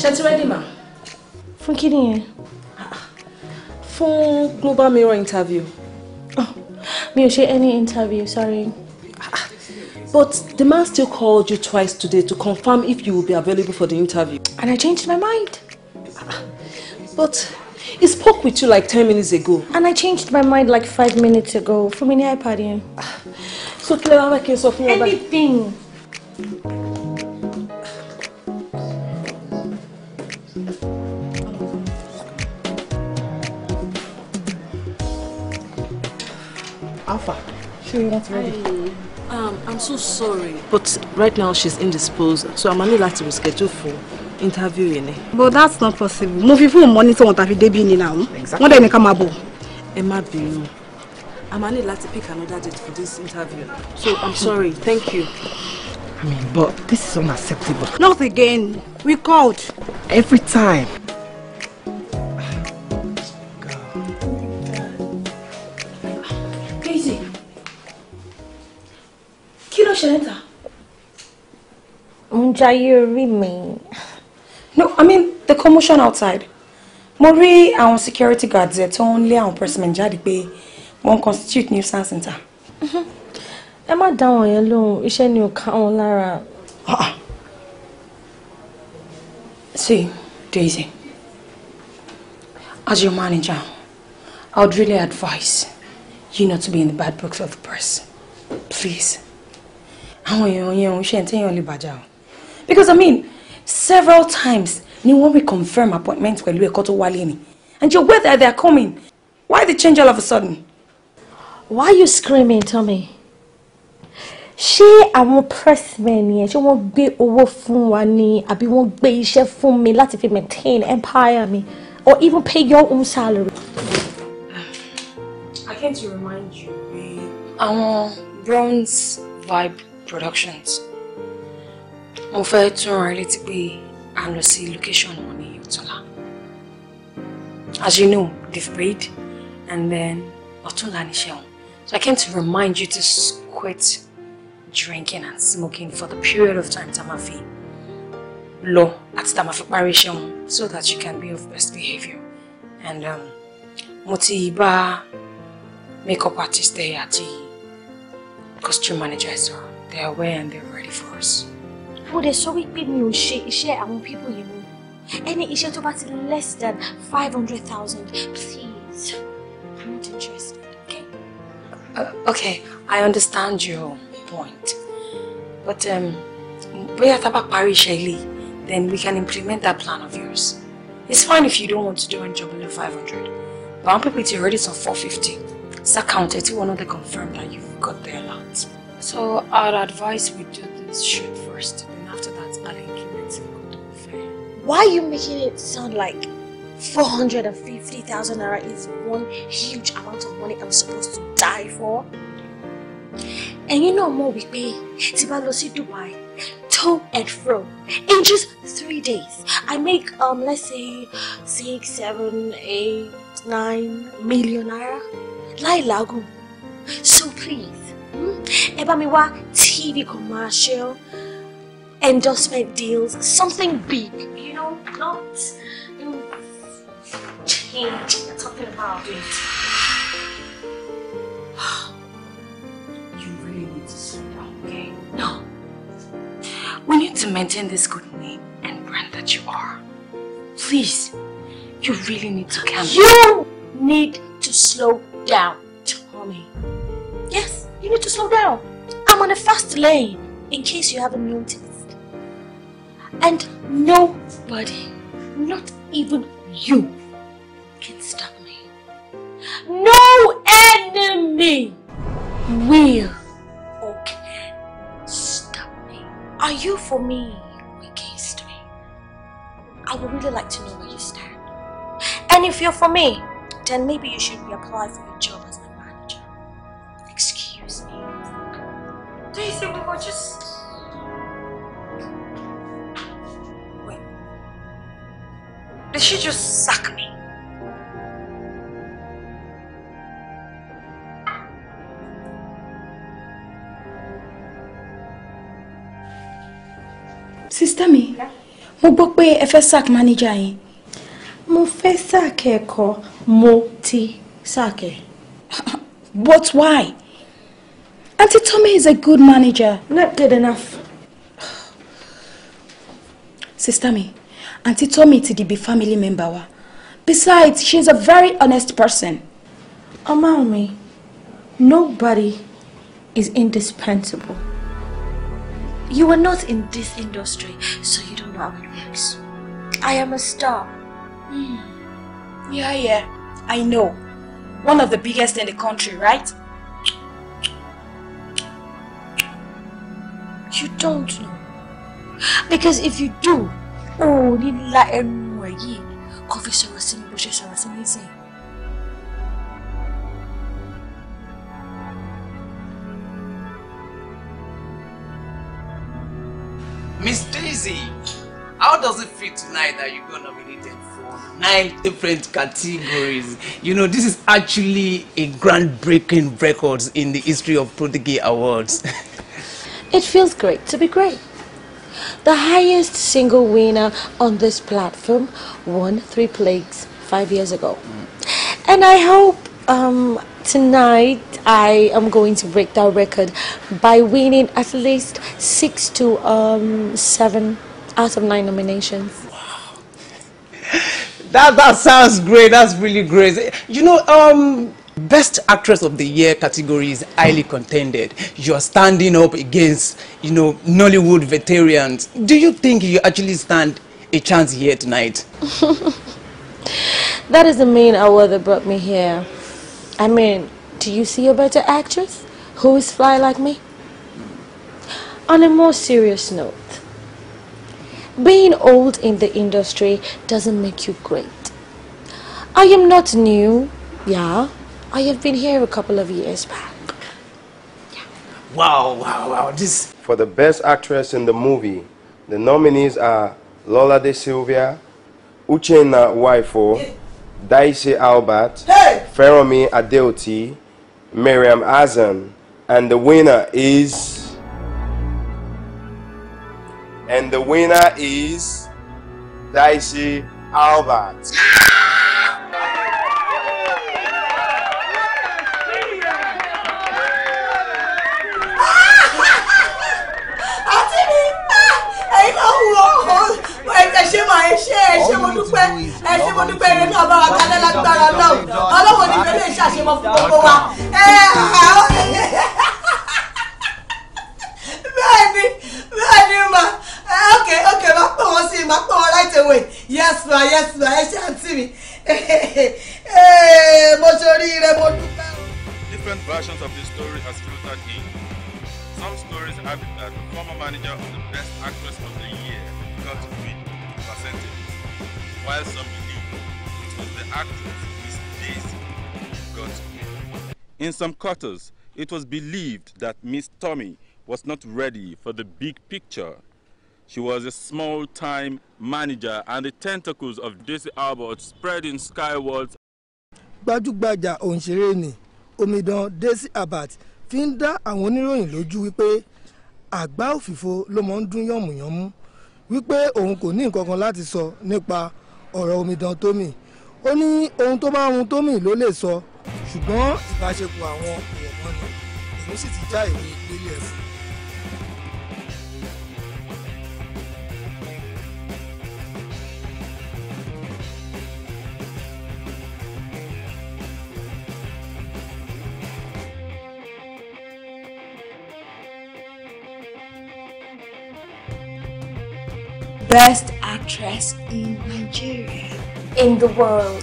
ṣe ti rẹ́dì mà. fún kí nìyẹn. fún global mirror interview. Oh, mi ò ṣe any interview sorry. But the man still called you twice today to confirm if you will be available for the interview. And I changed my mind. But he spoke with you like ten minutes ago. And I changed my mind like five minutes ago. Fún mi ní iPad yẹn. So, Clara, I can sọ fún mi. Anything. Alpha, ṣé wọ́n ti ready? Um, I'm so sorry, but right now she's indisposed, so I'm only like to reschedule for interviewing. yẹn. But that's not possible. Move fi fún mọ́ ní tí wọ́n ta fi débí ni náà. Wọ́n dẹ̀ ní ká máa bọ̀. I'm only like to pick another date for this interview. So I'm sorry. Thank you. I mean, but this is unacceptable. Not again. We called. Every time. ló ṣẹlẹ̀ ta? ń jayé orí mi. no i mean the commotion outside. mo rí àwọn security guards ẹ̀ tó ń lé àwọn pressmen jáde pé wọ́n constitute nuisance center. ẹ má dá wọn yẹn lóhùn iṣẹ́ ni ò ká wọn lára. Ah, ah. see Daisy as your manager I would really advise you not to be in the bad books of the press please àwọn èèyàn yẹn òun ṣe ẹ̀ téèyàn lè bàjá o because i mean several times ni wọ́n confirm appointment pẹ̀lú ẹ̀kọ́ tó wálé ni and you're aware that they are coming why the change all of a sudden. why are you screaming Tommy ṣé àwọn pressmen yẹn ṣé wọ́n gbé owó fún wa ni àbí wọ́n gbé iṣẹ́ fún mi láti fi maintain empire mi or even pay your own salary. I can't remind you pé àwọn bronze vibe Productions. Mo fẹ́ tún rán létí pé à ń lọ sí location wọn ní Ọ̀túnla. As you know, they've paid and then Ọ̀túnla ní ṣẹ́wọ̀n. So I came to remind you to quit drinking and smoking for the period of time tá lọ at tá a so that you can be of best behaviour. And um, moti iba, makeup artist àti costume manager as well. They're aware and they're ready for us. Oh, they're sọ wípé mi ò share, iṣẹ́ people you know. Any issue tó bá less than 500,000, please. I'm not interested, okay? Uh, okay, I understand your point. But um, bóyá tá bá parí iṣẹ́ then we can implement that plan of yours. It's fine if you don't want to do a job below 500. But I'm pretty to already some 450. It's accounted to one of the confirm that you've got the lot. So I'd advise we do this shoot first, and after that, I'll increment it to be fair. Why are you making it sound like 450,000 naira is one huge amount of money I'm supposed to die for? And you know more we pay lọ sí Dubai, to and fro, in just three days, I make um let's say six, seven, eight, nine million naira. Láì làágùn. So please. Eba bá mi wá tv commercial endorsement deals something big you know not you know, change something about it. you really need to sit down okay no we need to maintain this good name and brand that you are please you really need to calm down. you need to slow down Tommy yes you need to slow down. I'm on a fast lane, in case you haven't noticed. And nobody, not even you, can stop me. No enemy will or can stop me. Are you for me or against me? I would really like to know where you stand. And if you're for me, then maybe you should reapply for your job Basically, we were just... Did she just sack me? Sister Me, yeah? mo gbọ́ pé ẹ fẹ́ sack manager yín. Mo fẹ́ sack ẹ̀kọ́, mo ti sack ẹ̀. But why? Auntie Tommy is a good manager. Not good enough. Sister me, Auntie Tommy to the family member. Besides, she's a very honest person. Allow me, nobody is indispensable. You are not in this industry, so you don't know how it works. I am a star. Mm. Yeah, yeah, I know. One of the biggest in the country, right? You don't know. Because if you do, oh, you'll be like yìí kò fi sọ̀rọ̀ sí mi bó Miss Daisy, how does it feel tonight that you are gonna be nominated for nine different categories? You know, this is actually a groundbreaking record in the history of Prodigy Awards. It feels great to be great. The highest single winner on this platform won three plagues five years ago. And I hope um, tonight I am going to break that record by winning at least six to um, seven out of nine nominations. Wow. that, that sounds great. That's really great. You know, um, Best Actress of the Year category is highly contended. You are standing up against, you know, Nollywood veterans. Do you think you actually stand a chance here tonight? that is the main award that brought me here. I mean, do you see a better actress who is fly like me? On a more serious note, being old in the industry doesn't make you great. I am not new, yeah, I have been here a couple of years back. Yeah. Wow, wow, wow. This For the best actress in the movie, the nominees are Lola De Silvia, Uchenna Waifo, Daisy Albert, hey! Adeoti, Miriam Azan, and the winner is... And the winner is Daisy Albert. mà ẹ ṣé mo dúpẹ́ ẹ mo dúpẹ́ eré náà bá wa kalẹ̀ lágbára náà ọlọ́wọ́ ni bẹ́ẹ̀ lè ṣàṣemọ fún gbogbo wa. bẹ́ẹ̀ni bẹ́ẹ̀ni ma ok ok ma pọ̀ wọ́n sí i ma pọ̀ wọ́n right away yes ma yes ma ẹ àǹtí mi mo ṣe oríire mo dúpẹ́. Different versions of this story has filtered in. Some stories have it that the former manager of the best actress of while some knew it was the actress whose days got home. In some quarters, it was believed that Miss Tommy was not ready for the big picture. She was a small-time manager and the tentacles of Daisy Albert spreading skywards. Gbajúgbajà òǹṣeré ni omidan Daisy Albert fi ń dá àwọn oníròyìn lójú wípé àgbá òfìfo ló máa ń dún yànmùyànmú wípé òun kò ní nǹkan kan láti sọ nípa ọ̀rọ̀ omidan tómì ó ní ohun tó bá hun tómì ló lè sọ ṣùgbọ́n ìbáṣepọ̀ àwọn èèmọ̀ ni èmi sì ti já ìwé lélẹ̀ fún Best Actress in the world.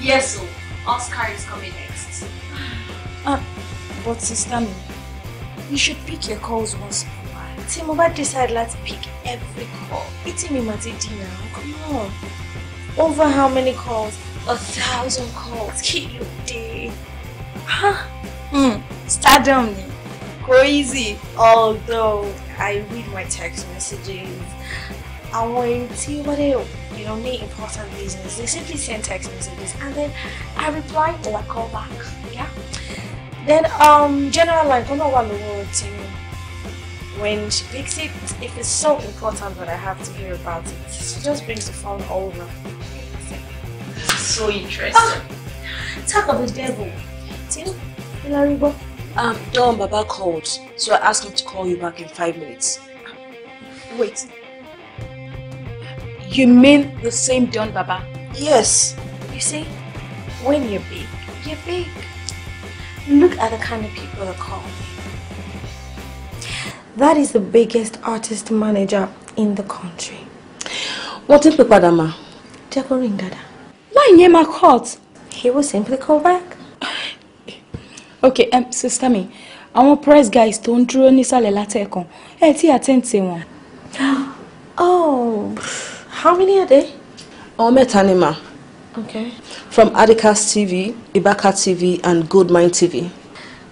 Yes, Oscar is coming next. What's ah, but sister you should pick your calls once in a while. Team, over. decide let's pick every call. It's in my Dina. Come on. Over how many calls? A thousand calls. you day. Huh? Hmm. stardom. Crazy. Although I read my text messages àwọn tí wọ́n they, you know need important reasons. they simply send text messages and then I reply or I call back yeah then um general line kọ́nà wà lọ́wọ́ tí when she picks it if it's so important that I have to hear about it she just brings the phone over so interesting ah, talk of the devil tí Hillary gbọ́. Um, Don Baba called, so I asked him to call you back in five minutes. Wait, You mean the same Don Baba? Yes. You see, when you're big, you're big. Look at the kind of people that call me. That is the biggest artist manager in the country. What did Padama? Jaco ring dada. Why name I called. He will simply call back. okay, um, sister me, mi, àwọn press guys tó ń dúró nísàlẹ̀ látẹ̀kàn ẹ ti attend sí one. How many are they? Ọmọ metanima. Okay. From Adikas TV, Ibaka TV, and Goldmine TV.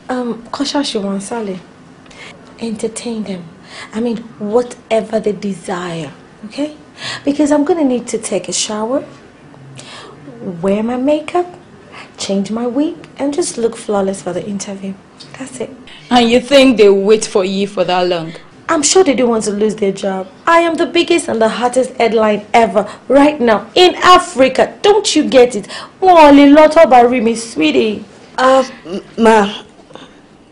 Um, Kosha Shivan Entertain them. I mean, whatever they desire. Okay? Because I'm going to need to take a shower, wear my makeup, change my wig, and just look flawless for the interview. That's it. And you think they wait for you for that long? I'm sure they don't want to lose their job. I am the biggest and the hottest headline ever right now in Africa. Don't you get it? Wọ́n lè barimi, sweetie. uh, ma,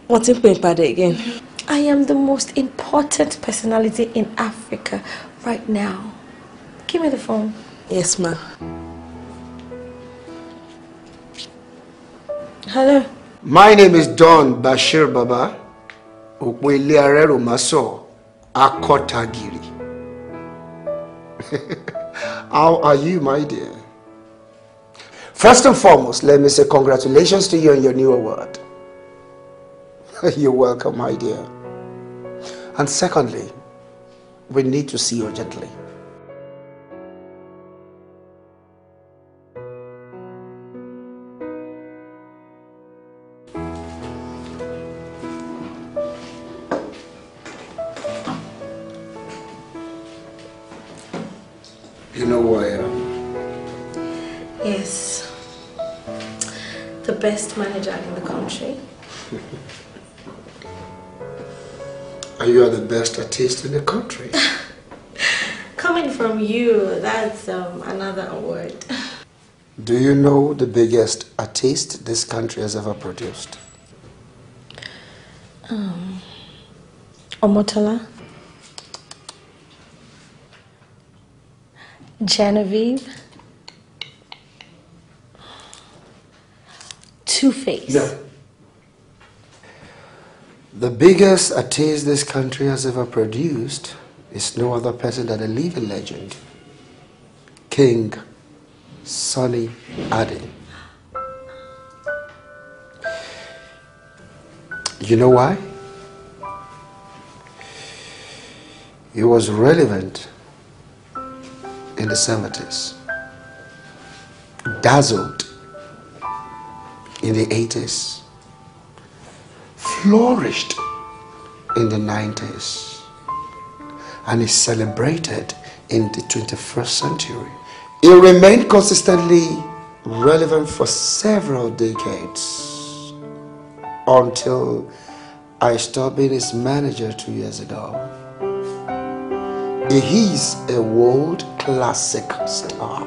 what's ti ń again. I am the most important personality in Africa right now. Give me the phone. Yes, ma. Hello. My name is Don Bashir Baba. Òpó ilé maso. Akotagiri. How are you, my dear? First and foremost, let me say congratulations to you on your new award. You're welcome, my dear. And secondly, we need to see you gently. and you are the best artist in the country. Coming from you, that's um, another award. Do you know the biggest artist this country has ever produced? Um, Omotola. Genevieve. Two Face. No. The biggest artist this country has ever produced is no other person than a living legend, King Sonny Ade. You know why? He was relevant in the 70s, dazzled in the 80s flourished in the 90s and is celebrated in the 21st century. It remained consistently relevant for several decades until I stopped being its manager two years ago. He is a world classic star.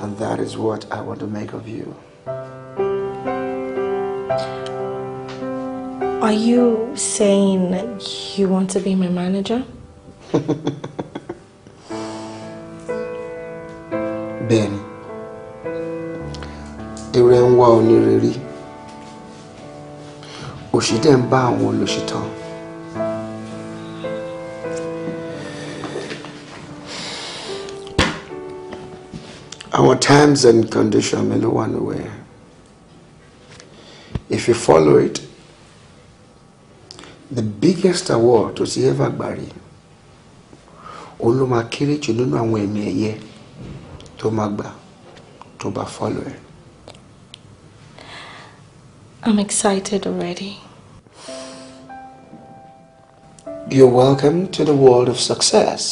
And that is what I want to make of you. Are you saying you want to be my manager? Bẹ́ẹ̀ni, eré ń wá onírèrí, òṣì dẹ̀ ń bá àwọn olùṣìtàn. Our times and conditions are no one aware. If you follow it, the biggest award tó ti ever gbà rí òun ló máa kéré jù nínú àwọn ẹ̀mí ẹ̀yẹ tó máa gbà tó follow I'm excited already. You're welcome to the world of success.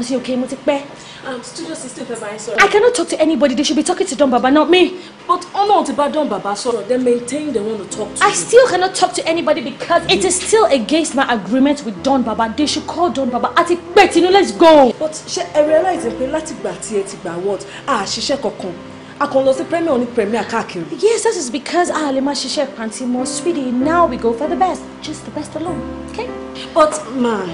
ń ṣe okay mo um studio system fẹ́ bá sọ̀rọ̀. I cannot talk to anybody they should be talking to Don Baba not me. but ọ̀nà ti bá Don Baba sọ̀rọ̀ they maintain they want to talk to I you. still cannot talk to anybody because it is still against my agreement with Don Baba they should call Don Baba àti pé tinú let's go. but ṣe ẹ realize pé láti gbà tí ẹ ti gbà word a ṣiṣẹ́ kankan a kàn lọ sí premier ní premier káàkiri. yes that is because a lè máa ṣiṣẹ́ pranti mọ́ sweetie now we go for the best just the best alone okay. but ma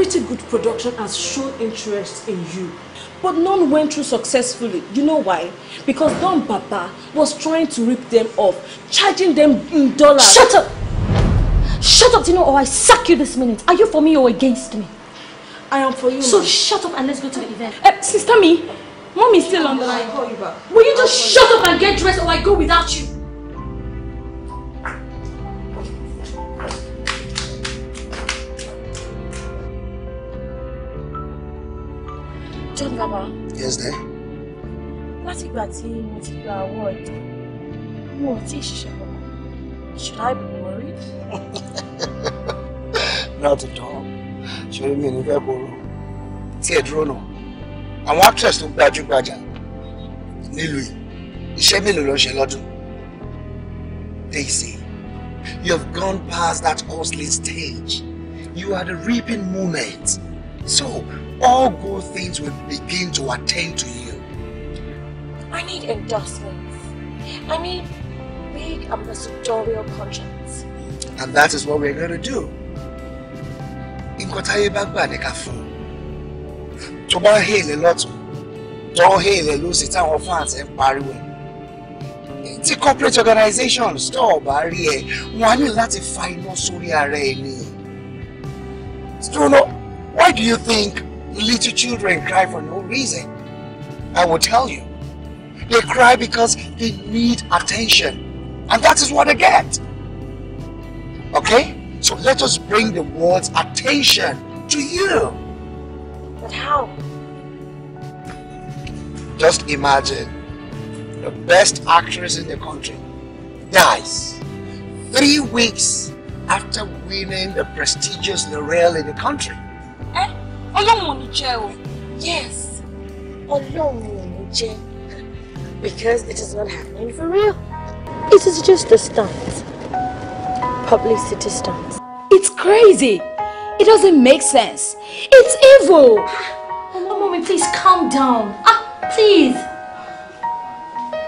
pretty good production has shown interest in you. But none went through successfully. You know why? Because Don Papa was trying to rip them off, charging them in dollars. Shut up! Shut up, Dino, or I sack you this minute. Are you for me or against me? I am for you. So shut up and let's go to the event. Uh, sister me, mommy's still on the line. Will you just shut up and get dressed or I go without you? Bàbá. Yes, there. Láti ìgbà tí mo ti gba award, mo ò tí ì ṣiṣẹ́ pọ̀. Should I be worried? Not at all. Ṣé mi ní fẹ́ kó rò? Tí ẹ dúró náà, àwọn actress tó gbajúgbajà nílùú yìí, iṣẹ́ mélòó ló ń ṣe lọ́dún? Daisy, you have gone past that costly stage. You are the reaping moment. So, all good things will begin to attend to you. I need endorsements. I need big ambassadorial contracts. And that is what we're going to do. Nǹkan táyé bá gbà ní ká fún un. Tó bá ń hèlè lọ́tún, tó fans ẹ̀ ń pariwo. corporate organizations store, ọ̀bá rí ẹ, wọ́n á ní láti fa why do you think Little children cry for no reason. I will tell you. They cry because they need attention. And that is what they get. Okay? So let us bring the world's attention to you. But how? Just imagine the best actress in the country dies three weeks after winning the prestigious L'Oreal in the country ọlọ́run ò ní yes ọlọ́run ò ní because it is not happening for real it is just a stunt publicity stunt. it's crazy it doesn't make sense it's evil. mama mommy please calm down ah please.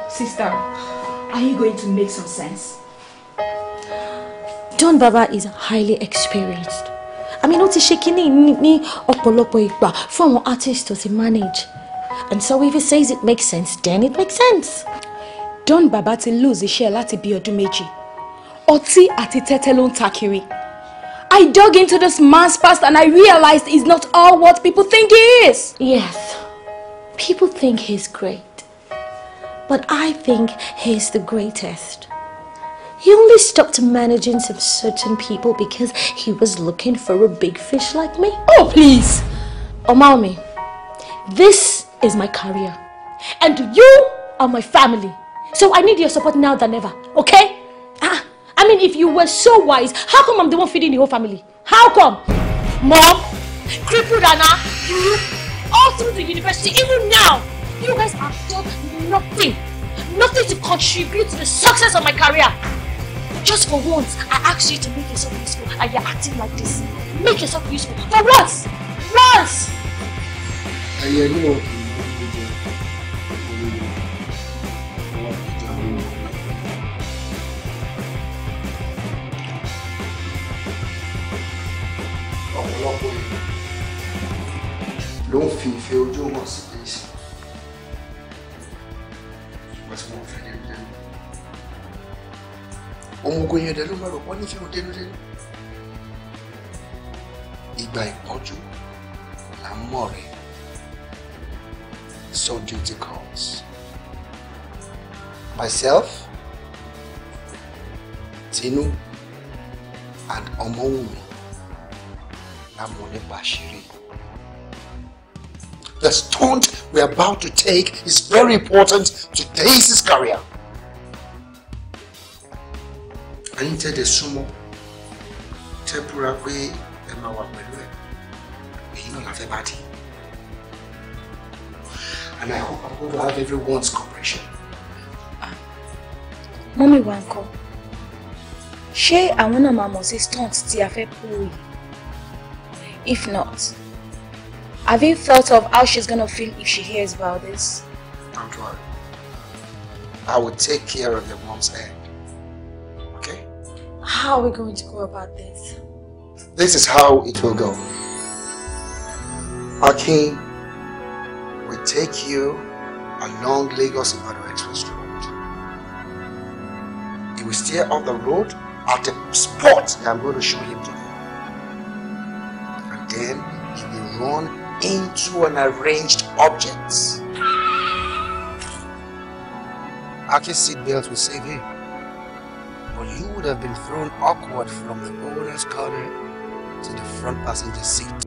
sister are you going to make some sense. John Baba is highly experienced. I mean ó ti ṣe kínní ní ọ̀pọ̀lọpọ̀ ìgbà fún àwọn artist to manage and so if he says it makes sense then it makes sense. Don Baba ti lose iṣẹ́ láti bí ọdún méjì ọtí àti tẹ́tẹ́ ló ń ta kiri. I dug into this man's past and I realized he's not all what people think he is. Yes, people think he's great, but I think he's the greatest. He only stopped managing some certain people because he was looking for a big fish like me. Oh, please! Omaomi, this is my career. And you are my family. So I need your support now than ever, okay? Ah, I mean, if you were so wise, how come I'm the one feeding the whole family? How come? Mom, crippled Anna, you, all through the university, even now, you guys have done nothing. Nothing to contribute to the success of my career. Just for once, I asked you to make yourself useful and you're acting like this. Make yourself useful for once! Once! Don't feel feel òmùgọ̀ yẹn dẹ̀ ló máa rò wọ́n nífẹ̀ẹ́ òde lóde ìgbà ìpọ́njú là ń mọ̀ rẹ̀ so duty calls myself Tinu and Ọmọwùmí la mọ̀ nípa àṣírí. The stunt we're about to take is very important to Daisy's career ẹ̀yin tẹ́ dẹ̀ súnmọ́ tẹ́ búra pé ẹ máa wà pẹ̀lú ẹ̀ èyí náà la bá dì and I hope I'm going to have everyone's cooperation. mọ́mí wa ń kọ́ ṣé àwọn náà máa mọ̀ sí stunt tí a fẹ́ kú yìí if not have you thought of how she's gonna feel if she hears about this. don't worry I will take care of your mom's hair. How are we going to go about this? This is how it will go. Our king will take you along Lagos Ibadan Express Road. He will steer off the road at a spot that I'm going to show him to. And then he will run into an arranged object. Aki's seatbelt will save him you would have been thrown awkward from the owner's corner to the front passenger seat.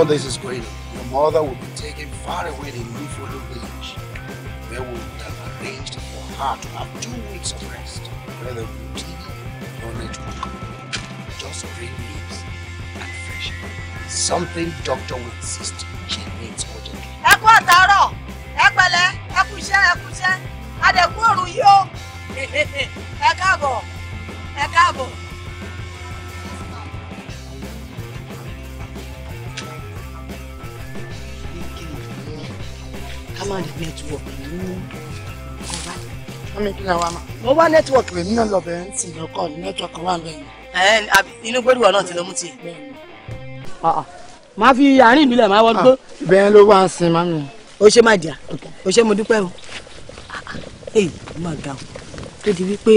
all this is going on, your mother will be taken far away in Lufulu village. They will have arranged for her to have two weeks of rest, whether through TV or network. Just green leaves and fresh air. Something doctor will insist she needs urgently. Ẹ kú àtàárọ̀, ẹ pẹ̀lẹ́, ẹ kú iṣẹ́, ẹ kú iṣẹ́, adẹ̀kú òru yìí ó. Ẹ káàbọ̀, ẹ káàbọ̀. máa rí nẹ́tíwọ̀kì nínú ọ̀rá wọ́n mi kílẹ̀ wa ma mo wá nẹ́tíwọ̀kì rẹ̀ nínú ọlọ́bẹ̀ ń sì lọ́kọ̀ ní nẹ́tíwọ̀kì wà lẹ́yìn. ẹ inú gbẹ́dùwà náà ti lọ mú tiẹ̀. Ah, ah. máa fi àárín ìbílẹ̀ máa wọ́n gbó. Ah, bẹ́ẹ̀ ló wá ń sin mami. ó ṣe má jà ó ṣe mo dúpẹ́ o èyí má ga o tó di wípé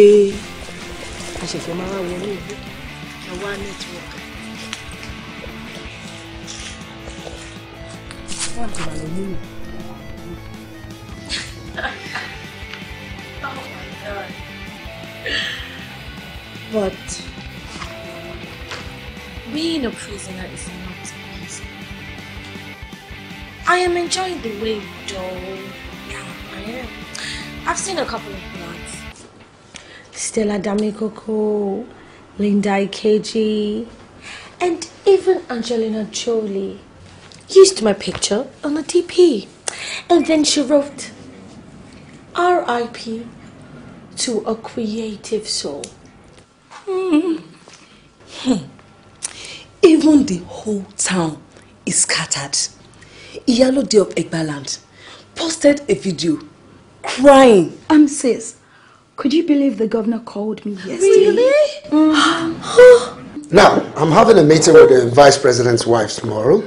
a ṣẹ̀ṣẹ̀ máa wá wọlé ìlú àwa nẹ́tíwọ̀kì. oh my god. But being a prisoner is not easy. I am enjoying the way though. Yeah, I am. I've seen a couple of blogs. Stella Damikoko, Linda Ikeji, and even Angelina Jolie used my picture on the DP. And then she wrote RIP to a creative soul. Mm. Hmm. Even the whole town is scattered. Day of Egbaland posted a video crying. I'm um, sis, could you believe the governor called me yesterday? Really? now, I'm having a meeting with the vice president's wife tomorrow.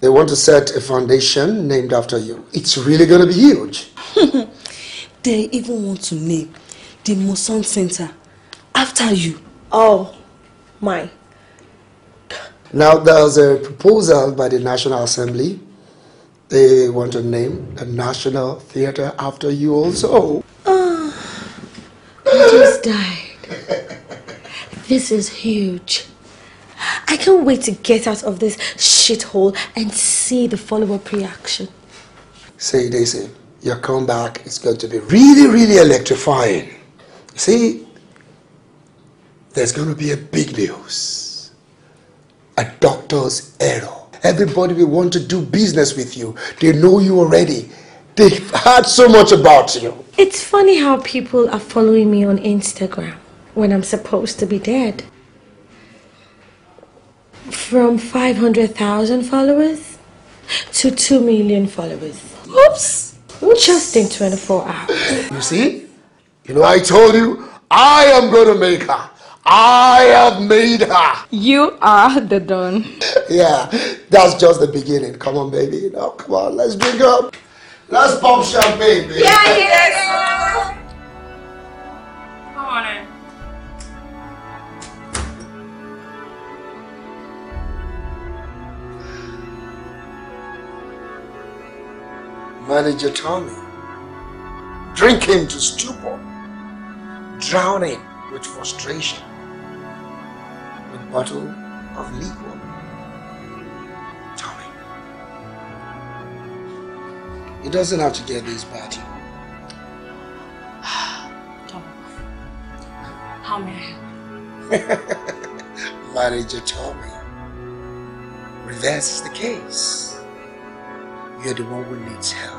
They want to set a foundation named after you. It's really going to be huge. they even want to name the Moson Center after you. Oh, my. Now, there was a proposal by the National Assembly. They want to name the National Theatre after you also. Oh, ah, I just died. this is huge. I can't wait to get out of this shithole and see the follow-up reaction. Say, they say your comeback is going to be really, really electrifying. See, there's going to be a big news. A doctor's error. Everybody will want to do business with you. They know you already. They've heard so much about you. It's funny how people are following me on Instagram when I'm supposed to be dead. From 500,000 followers to 2 million followers. Oops! Just in 24 hours. You see? You know, I told you, I am going to make her. I have made her. You are the Don. yeah, that's just the beginning. Come on, baby. Now, come on, let's drink up. Let's pop champagne, baby. Yeah, yeah. Come on in. Manager Tommy. Drink him to stupor. Drown him with frustration. With bottle of liquor. Tommy. He doesn't have to get this bad. How may I help? Manager Tommy. Reverse is the case. You're the one who needs help.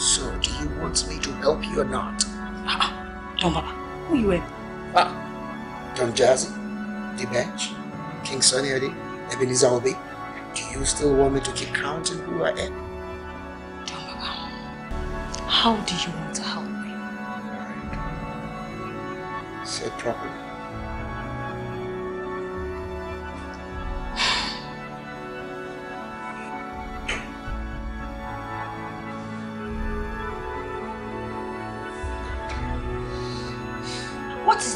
So, do you want me to help you or not? Ah, ah. Don Baba, who you help? Ah, Don Jazzy, the bench, King Sunny Ade, Ebenezer Obi. Do you still want me to keep counting who I am? Don Baba, how do you want to help me? Say properly.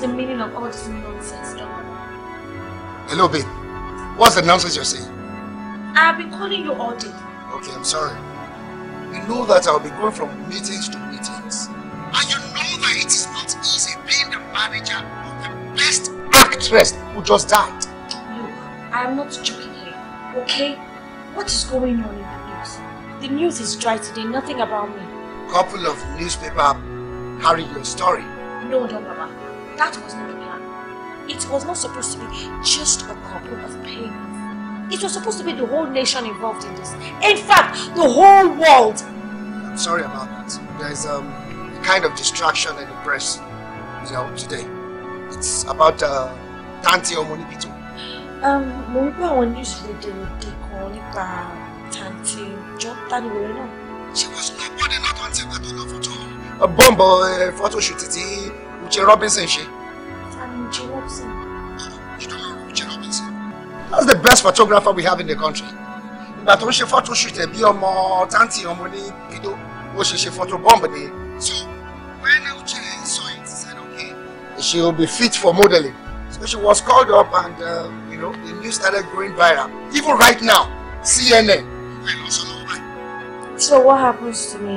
the meaning of all this nonsense, Hello, babe. What's the nonsense you're saying? I've been calling you all day. Okay, I'm sorry. You know that I'll be going from meetings to meetings. And you know that it is not easy being the manager of the best actress who just died. Look, I'm not joking here, okay? What is going on in the news? The news is dry today, nothing about me. Couple of newspaper carried your story. No, don't, Baba. That was not the plan. It was not supposed to be just a couple of pagans. It was supposed to be the whole nation involved in this. In fact, the whole world. I'm sorry about that. There's um, a kind of distraction in the press, you know, today. It's about uh, Dante Omonipito. Um, mo rí pé àwọn news rèdèrèdè kan nípa Job Jọ́tàn you know, She was not good enough until that other photo. A bumble uh, photo shoot tí Uche Robinson ṣe. Uche Robinson. Uche Robinson? That's the best photographer we have in the country. Ìgbà tó ń ṣe photo shoot ẹ̀ bí ọmọ táǹtì ọmọ ní Bido, ó ṣe ṣe photo bomb ni. So when Uche saw it, he said, okay, she will be fit for modeling. So she was called up and, uh, you know, the news started going viral. Even right now, CNN. So what happens to me?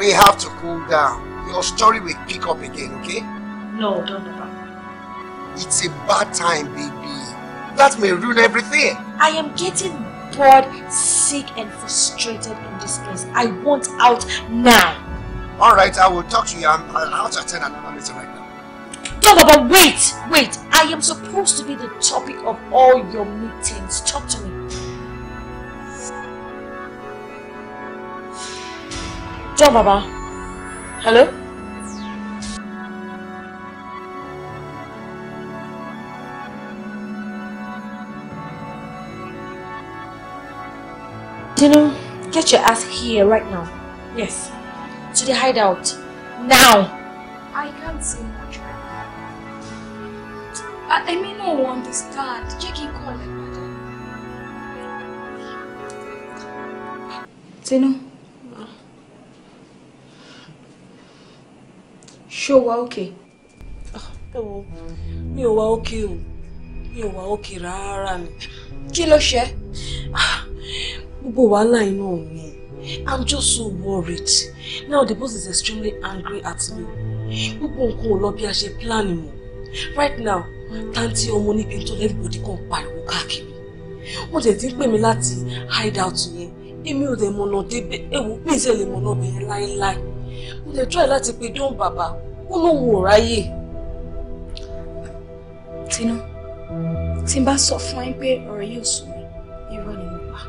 We have to cool down. Your story will pick up again, okay? No, don't ever. It's a bad time, baby. That may ruin everything. I am getting bored, sick, and frustrated in this place. I want out now. All right, I will talk to you. I'm, I'll have to attend another meeting right now. No, Baba, wait, wait. I am supposed to be the topic of all your meetings. Talk to me. চ Baba. Hello. You know, get your ass here right now. Yes. To the hideout. Now! I can't say much right now. I, may not understand. Jackie call it, madam. Tino. ṣó wa òkè. ẹ mi ò wá òkè o mi ò wá òkè rárá ni. kí ló ṣe. Ah, gbogbo wàhálà inú mi i'm just so worried now the boss is extremely angry at me gbogbo nǹkan ò lọ bí a ṣe plan mọ́ right now tanti ọmọ oníbi tó everybody kan pariwo káàkiri wọ́n tẹ̀ ti ń pè mí láti hide out yẹn èmi ò dẹ̀ mọ̀nà débẹ̀ ẹ̀wọ̀n pèsè lè mọ̀nà bẹ̀yẹn láéláé mo lè try láti pe dán bàbá ó lóun ò ráyè. tinú tí n bá sọ fún ẹ pé ọ̀rọ̀ yóò sùn mí irọ́ ni mo pa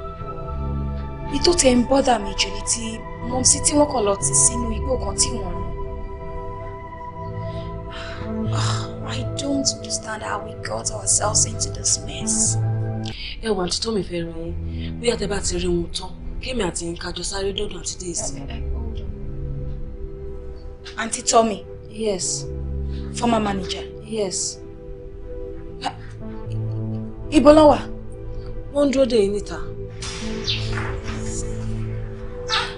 ìtò tẹ ń bọ́dà mi jù ní ti mọ́mísí tí wọ́n kàn lọ tì sínú igbó kan tí wọ́n rún. Ah, I don't understand how we got ourselves into this mess. ẹ wà àti tó mi fẹ́ ràn yín bóyá tẹ bá ti rí wọn tán kémi àti nǹkan àjọsáré dọ́dọ̀ àti déèsì. Auntie Tommy? Yes. Former manager? Yes. Ibo ló wà? Wọ́n ń dúró ah!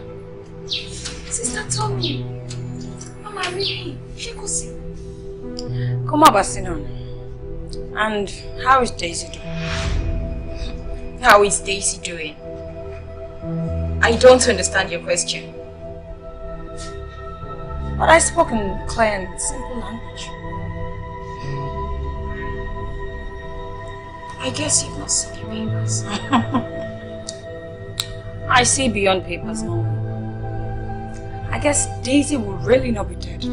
Sister Tommy, Mama Rini, ṣé kò sí? Kó má bàa And how is Daisy doing? How is Daisy doing? I don't understand your question. But I spoke in clear and simple language. I guess you've not seen your papers. I see beyond papers, now. I guess Daisy will really not be dead.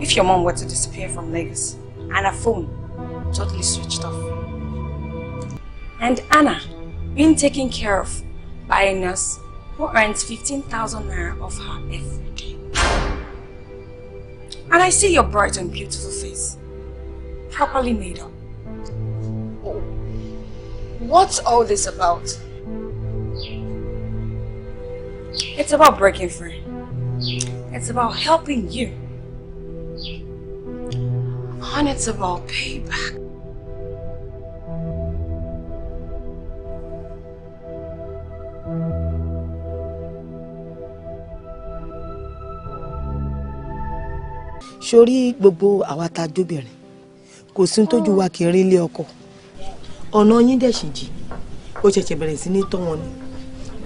If your mom were to disappear from Lagos and her phone totally switched off. And Anna being taken care of by a nurse who earns 15,000 naira of her effort. And I see your bright and beautiful face. Properly made up. Oh. What's all this about? It's about breaking free. It's about helping you. And it's about payback. sórí gbogbo àwa tá a jóbìnrin kò sí tójú wa kì í rí ilé ọkọ ọ̀nà yín dẹ̀ sì jì ó ṣẹ̀ṣẹ̀ bẹ̀rẹ̀ sí ní tọ́ wọn ni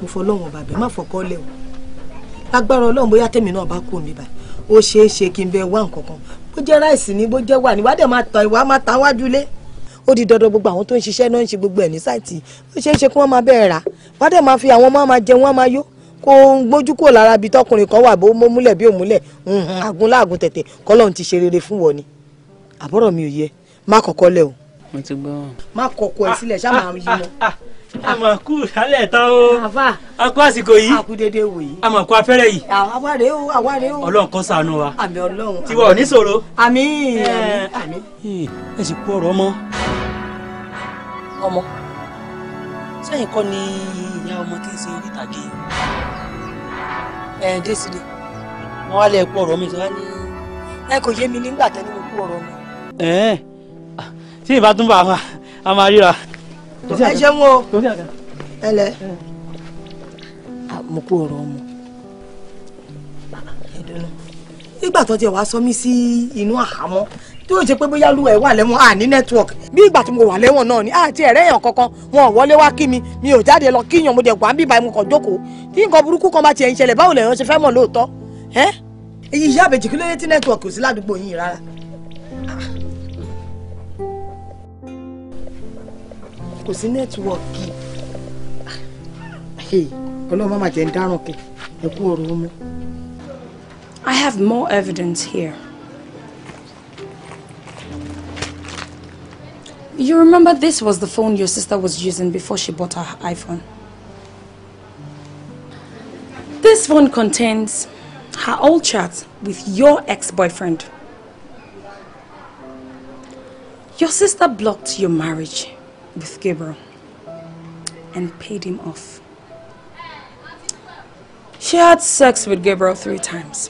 mo fọ ọlọ́run ọba bẹ̀ má fọkọ́ lẹ̀ o lágbára ọlọ́run bóyá tèmi náà bá kú mi báyìí ó ṣeé ṣe kí n bẹ wá nǹkan bó jẹ́ ráìsì ni bó jẹ́ wà ní wàá dẹ̀ máa tàn ìwà máa ta wájú lé ó di dandan gbogbo àwọn tó ń ṣiṣẹ́ náà ń ṣe gbogbo ẹ̀ ní sáìtì ó ṣeé ṣe kí wọ́n máa bẹ́ẹ̀ rà wàá máa fi àwọn ọmọ máa jẹun wọ́n máa yó kó ń gbójú kúrò lára ibi tọkùnrin kan wà bó mọ múlẹ̀ bí òmúlẹ̀ àgùn láàgùn tẹ̀tẹ̀ kọ́lọ́run ti ṣe rere fún wọn ni àbọ̀rọ̀ mi ò yẹ má kọ́kọ́ lẹ̀ o. mo ti gbọ́. má kọ́kọ́ ẹ sílẹ̀ ṣá máa yí mọ́. àmọ̀ kú sálẹ̀ tán o akọ àsìkò yìí àkúdédé wò yìí àmọ̀ kú afẹ́rẹ́ yìí. àwárẹ̀ o àwárẹ̀ o. ọlọ́run kó ṣàánú wa. àmì ọlọ́run. tiwọ ò ní ṣòro. àmín. ẹ sì kú ọ̀rọ̀ ọmọ. ọmọ sẹ́yìn kọ́ ni ìyá ọmọ tí ń ṣe orí ìtàgé yìí ẹ dé sílẹ̀ wọn wá lẹ pọ ọ̀rọ̀ mi tí wọn ní ẹ kò yé mi nígbà tẹ ní mo kú ọ̀rọ̀ mi. ẹ ẹ tí ìbá tún bá a a máa ríra. ẹ o ẹ lẹ mo kú ọ̀rọ̀ tó ti wàá sọ mí sí inú àhámọ́ tí yóò ṣe pé bóyá lu ẹ̀ wà lẹ́wọ̀n à ní network bí ìgbà tí mo wà lẹ́wọ̀n náà ni àti ẹ̀rẹ́ èèyàn kankan wọn ò wọlé wá kí mi mi ò jáde lọ kí yàn mo jẹ̀ gbà bíbá mo kàn jókòó tí nǹkan burúkú kan bá tiẹ̀ ń ṣẹlẹ̀ báwo lèèyàn ṣe fẹ́ mọ̀ lóòótọ́ ẹ́ èyí ìyá àbèjì kí ló dé tí network kò sí ládùúgbò yín rárá. kò sí nẹ́tíwọ̀kì ọlọ́run máa jẹ́ ń dáràn kù ẹ̀kú ọ̀rọ̀ omi. I have more evidence here. You remember this was the phone your sister was using before she bought her iPhone. This phone contains her old chats with your ex-boyfriend. Your sister blocked your marriage with Gabriel and paid him off. She had sex with Gabriel three times.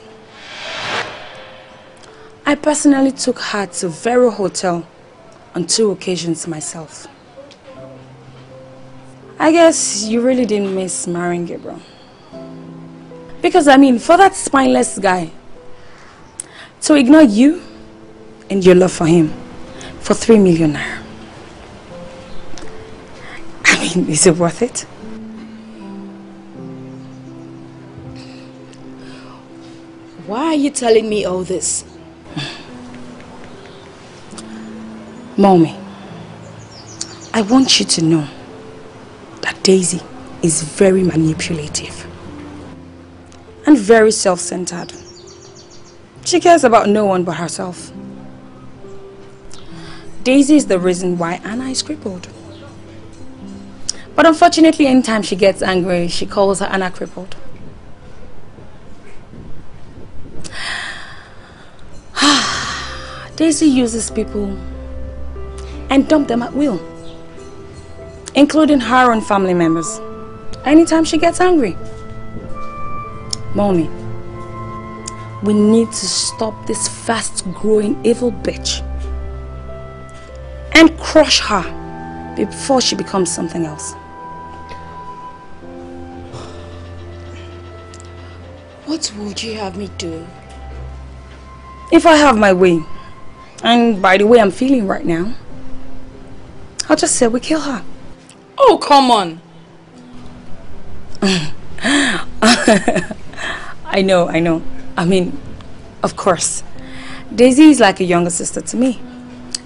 I personally took her to Vero Hotel on two occasions myself. I guess you really didn't miss marrying Gabriel. Because I mean, for that spineless guy to ignore you and your love for him for three millionaire. I mean, is it worth it? Why are you telling me all this? Mommy, I want you to know that Daisy is very manipulative and very self-centered. She cares about no one but herself. Daisy is the reason why Anna is crippled. But unfortunately, anytime she gets angry, she calls her Anna crippled. Daisy uses people and dump them at will, including her own family members, anytime she gets angry. Mommy, we need to stop this fast-growing evil bitch and crush her before she becomes something else. What would you have me do? If I have my way, and by the way I'm feeling right now, I'll just say we kill her. Oh, come on. I know, I know. I mean, of course. Daisy is like a younger sister to me.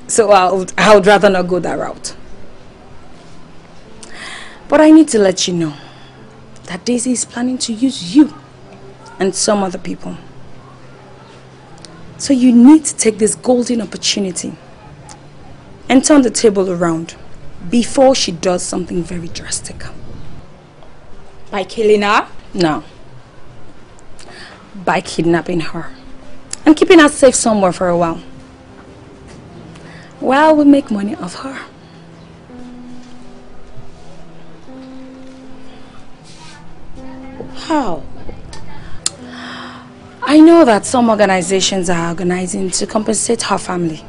So I would, rather not go that route. But I need to let you know that Daisy is planning to use you and some other people. So you need to take this golden opportunity and turn the table around before she does something very drastic. By killing her? No. By kidnapping her and keeping her safe somewhere for a while. While we make money off her. How? I know that some organizations are organizing to compensate her family.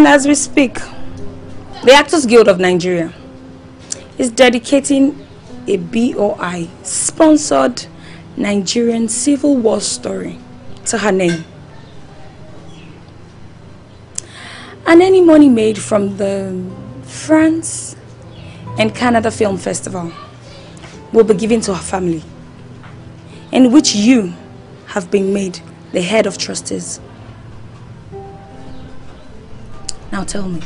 And as we speak, the Actors Guild of Nigeria is dedicating a BOI sponsored Nigerian Civil War story to her name. And any money made from the France and Canada Film Festival will be given to her family, in which you have been made the head of trustees. Now tell me.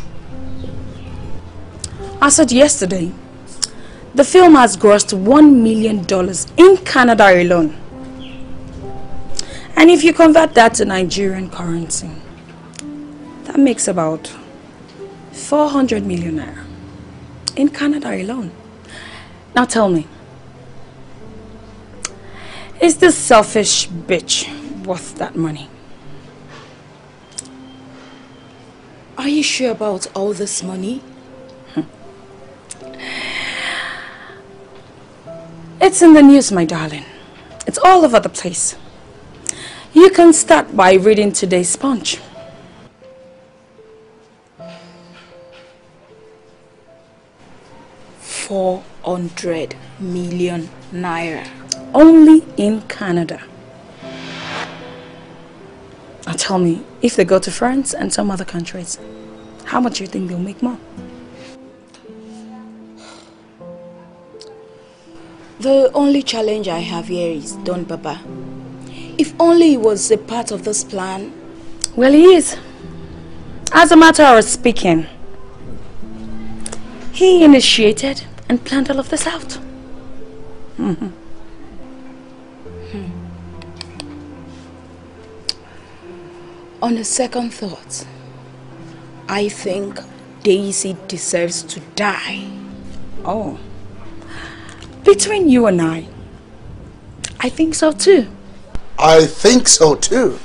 I said yesterday, the film has grossed $1 million in Canada alone. And if you convert that to Nigerian currency, that makes about 400 million naira in Canada alone. Now tell me, is this selfish bitch worth that money? Are you sure about all this money? It's in the news, my darling. It's all over the place. You can start by reading today's sponge. Four hundred million naira. Only in Canada. Now tell me, if they go to France and some other countries, how much do you think they'll make more? The only challenge I have here is Don Baba. If only he was a part of this plan. Well, he is. As a matter of speaking, he initiated and planned all of this out. Mm -hmm. On a second thought, I think Daisy deserves to die. Oh. Between you and I, I think so too. I think so too.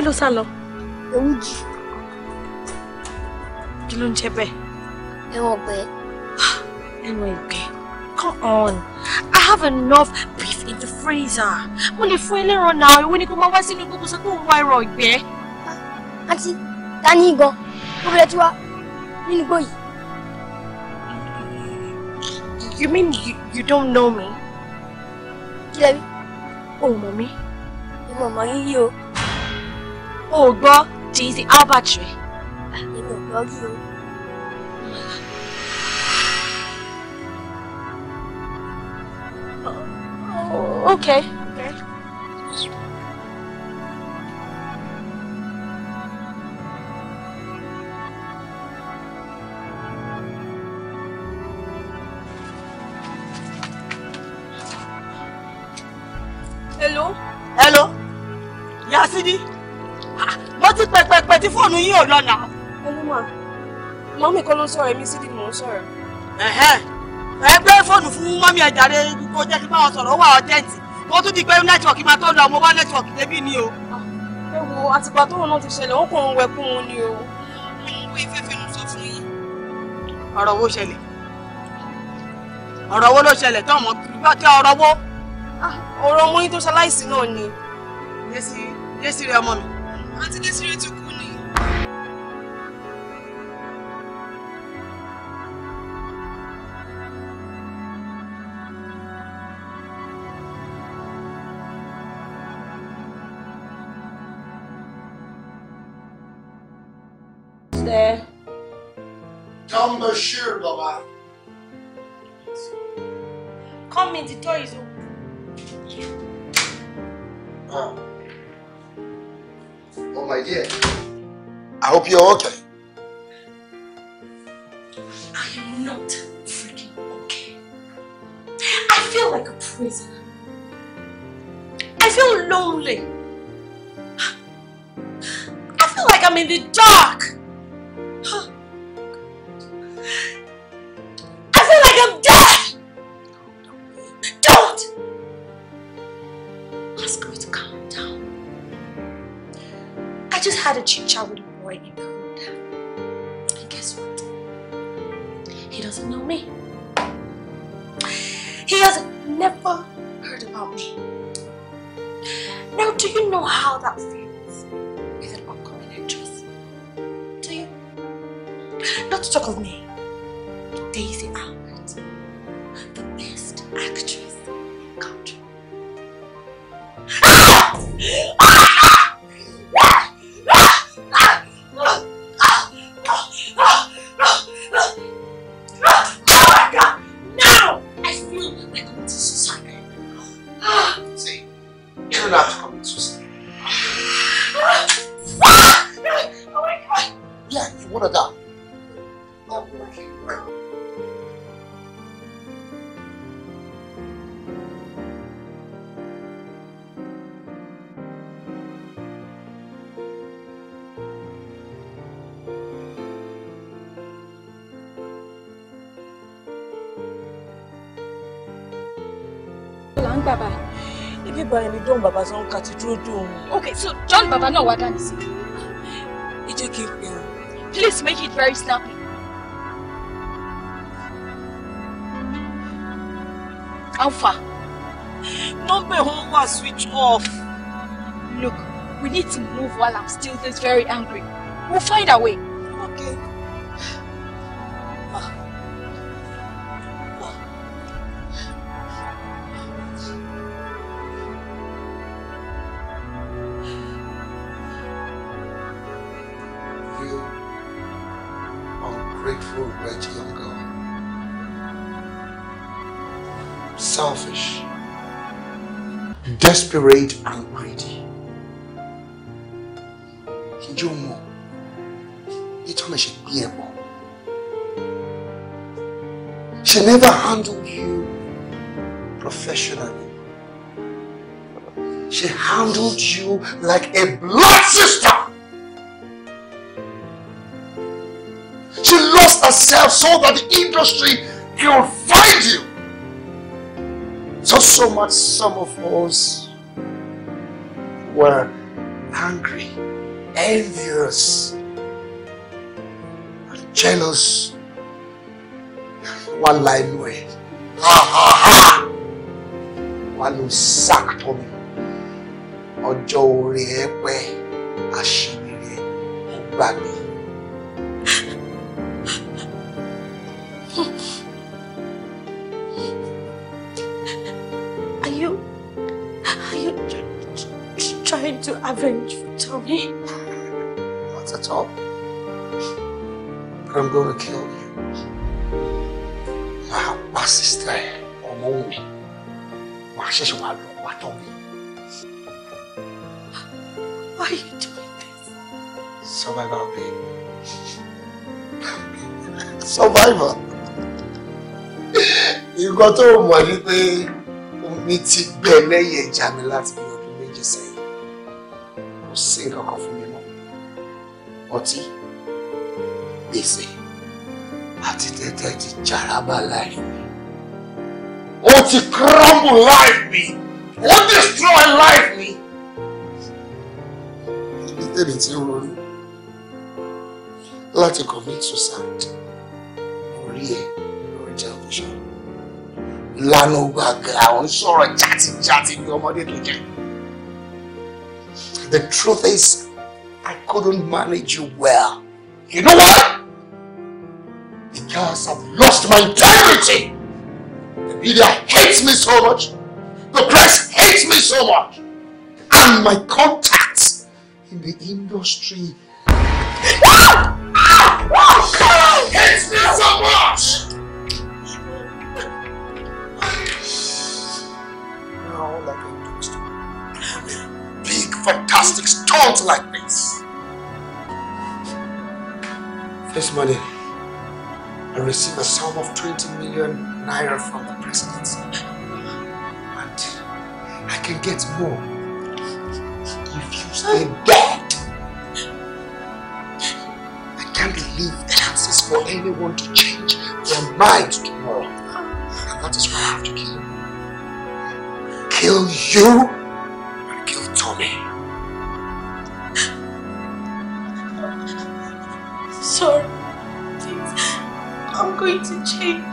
kí ló sá lọ. ewu jì. kí ló ń jẹ bẹ́ẹ̀. ẹran ọ̀gbẹ́. Ah, ẹran ọ̀gbẹ́ come on I have enough beef in the freezer mo lè fún ẹlẹ́ran náà ìwé ni kò máa wá sínú gbogbo sọ pé òun wá ẹran ọ̀gbẹ́. Ah, àǹtí ta ni gan gbogbo ẹ ti wá nínú igbó yìí. You mean you, you don't know me? Kí lẹ bí? O ò mọ̀ mọ̀ yíyí o o gbọ́ Dizzy Albert rẹ̀. Okay. Okay. Hello. Hello. Yasidi pẹpẹpẹ tí fóònù yín ò lọ́nà. olúmọ mọ́mí kọ́ ló ń sọ̀rọ̀ èmi sídì mò ń sọ̀rọ̀. ẹ gbé fóònù fún mọ́mí ẹ̀ jàre kó jẹ́ kí bá wọn sọ̀rọ̀ ó wà ọ̀dẹ́ǹtì kó tún di pé nẹ́tíwọ̀kì máa tó lọ mo wá nẹ́tíwọ̀kì débí ni o. Ah, ẹ wo àtìgbà tóun náà ti ṣẹlẹ̀ ó kàn ń wẹkún un ni o. ọ̀rọ̀ wo ṣẹlẹ̀ ọ̀rọ̀ wo ló ṣẹlẹ̀ tó ọmọ tí ọ̀rọ̀ wo. Ah, ọ̀rọ̀ mọ́yìn tó ṣaláìsí náà ni. yẹ́sì yẹ́sì rẹ ọmọ mi àti Desire ti kú ni. There. Come Baba. Come in, the door is open. Ah. my dear. I hope you're okay. yorùbá ti dúró dùn òun. okay so john baba náà wá dání sí. ẹ jẹ́ kí n pè wọ́n. please make it very snappy. alpha. nọ́mbà wọn wà switch off. look we need to move while i'm still this very angry we'll find a way. Spirit Almighty. Ǹjẹ́ o mọ̀? Ìtọ́nà ṣe be ẹ bọ̀. She never handled you professionally. She handled you like a blood sister. She lost herself so that the industry could find you. So, so much some of us were angry, envious, jealous. One line inú ẹ̀. Wọ́n ló sack tọ́ mi. Ọjọ́ orí ẹ pẹ́, àṣírí ẹ Are you, are you trying to avenge you, Tommy. Not at all. But I'm going to kill you. Máa pa sister ẹ, ọmọ My Máa ṣẹ̀ṣẹ̀ wá lọ Tommy. Why are you doing this? Survivor, babe. Survivor. Nǹkan tó mọ̀ ni pé omi ti gbẹ lẹ́yìn ẹja mi láti sí nǹkan kan fún mi mọ́ ati, gbèsè àti tẹ́tẹ́ ti jaraba láì mi crumble life me. Oti destroy láì mi. ìdí tèmi tí ó ronú láti commit suicide orí ẹ lórí television lánàá gbàgbé àwọn sọ̀rọ̀ játijàti bí ọmọdé to jẹ́. The truth is, I couldn't manage you well. You know why? Because I've lost my integrity. The media hates me so much. The press hates me so much. And my contacts in the industry ah! Ah! Ah! hates me so much. fantastic stones like this. This morning, I received a sum of 20 million naira from the presidency. And I can get more if you stay dead. I can't believe chances for anyone to change their mind tomorrow. And that is why I have to kill you. Kill you? to change.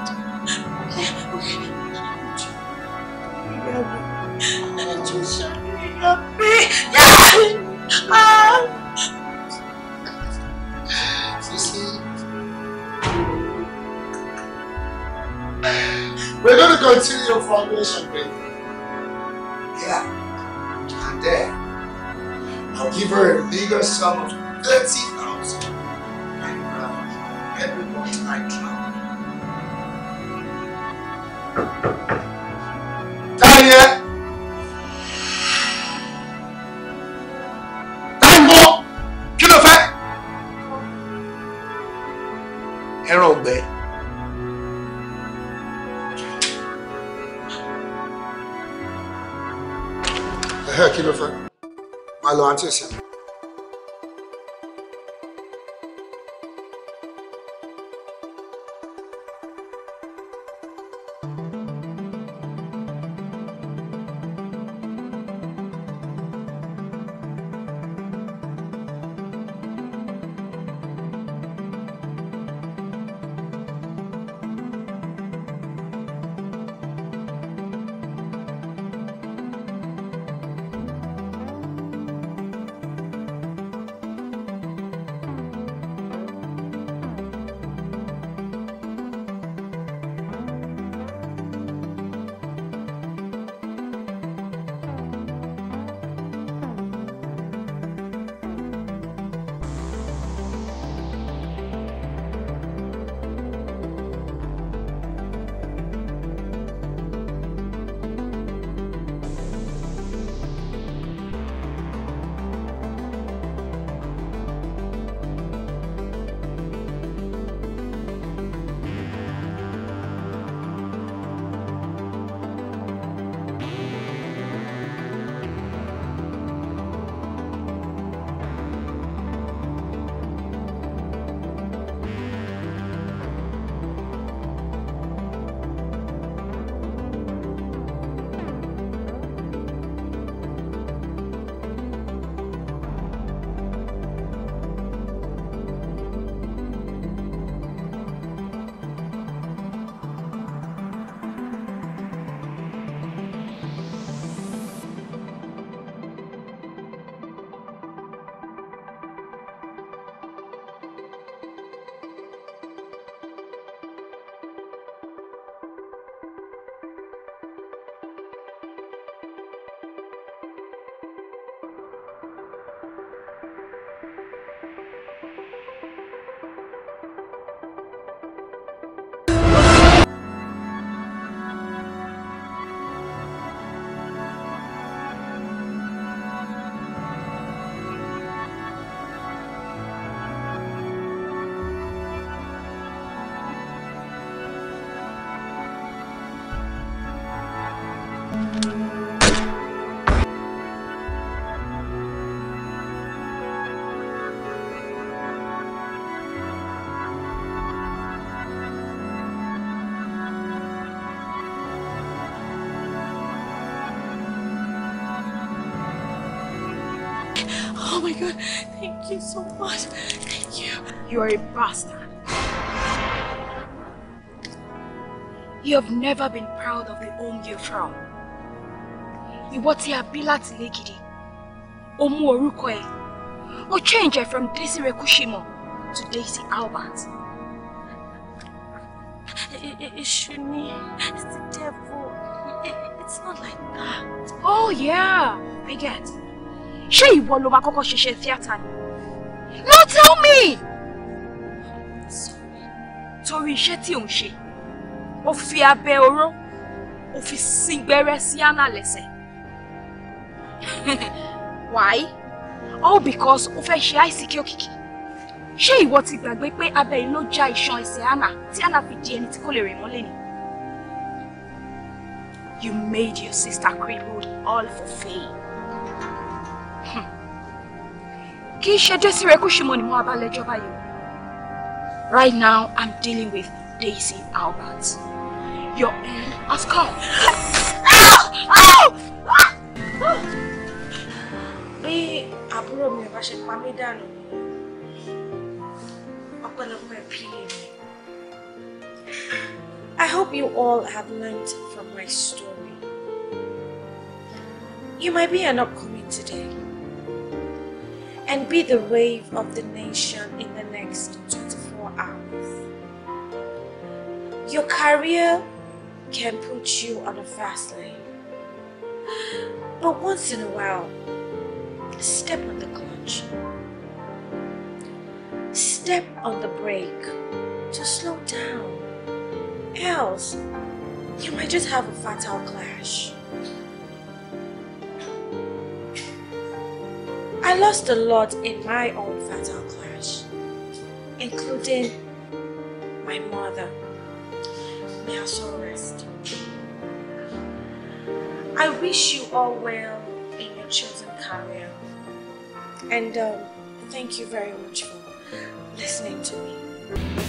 my god. Thank you so much. Thank you. You are a bastard. You have never been proud of the home you're from. You want to bí láti ilé gidi. change from Daisy Rekushimo to Daisy Albert. Shuni. it's the devil. It's not like that. Oh yeah, I get. ṣé ìwọ ló máa kọ́kọ́ ṣiṣẹ́ tíátà ni no tell me torí iṣẹ́ tí ò ń ṣe ó fi abẹ oró ó fi síngbẹ́rẹ́ sí anna lẹ́sẹ̀ why all because ó fẹ́ ṣe àìsíkí òkìkí ṣé ìwọ ti gbàgbé pé abẹ yìí ló já iṣan ẹsẹ̀ anna tí anna fi di ẹni tí kò lè rìn mọ́lẹ̀ ni. You made your sister crippled all for fame. kì í ṣẹjọ́ sí rẹ kó ṣe mọ́ ni mo wá báyìí Right now, I'm dealing with Daisy Albert. Your end has come. Bí àbúrò mi ò bá ṣe pa mí dànù, ọ̀pọ̀lọpọ̀ ẹ̀bí mi. I hope you all have learned from my story. You might be an upcoming today. and be the wave of the nation in the next 24 hours. Your career can put you on a fast lane. But once in a while, step on the clutch. Step on the brake to slow down. Else, you might just have a fatal clash. I lost a lot in my own fatal clash, including my mother. May her soul rest. I wish you all well in your chosen career. And um, thank you very much for listening to me.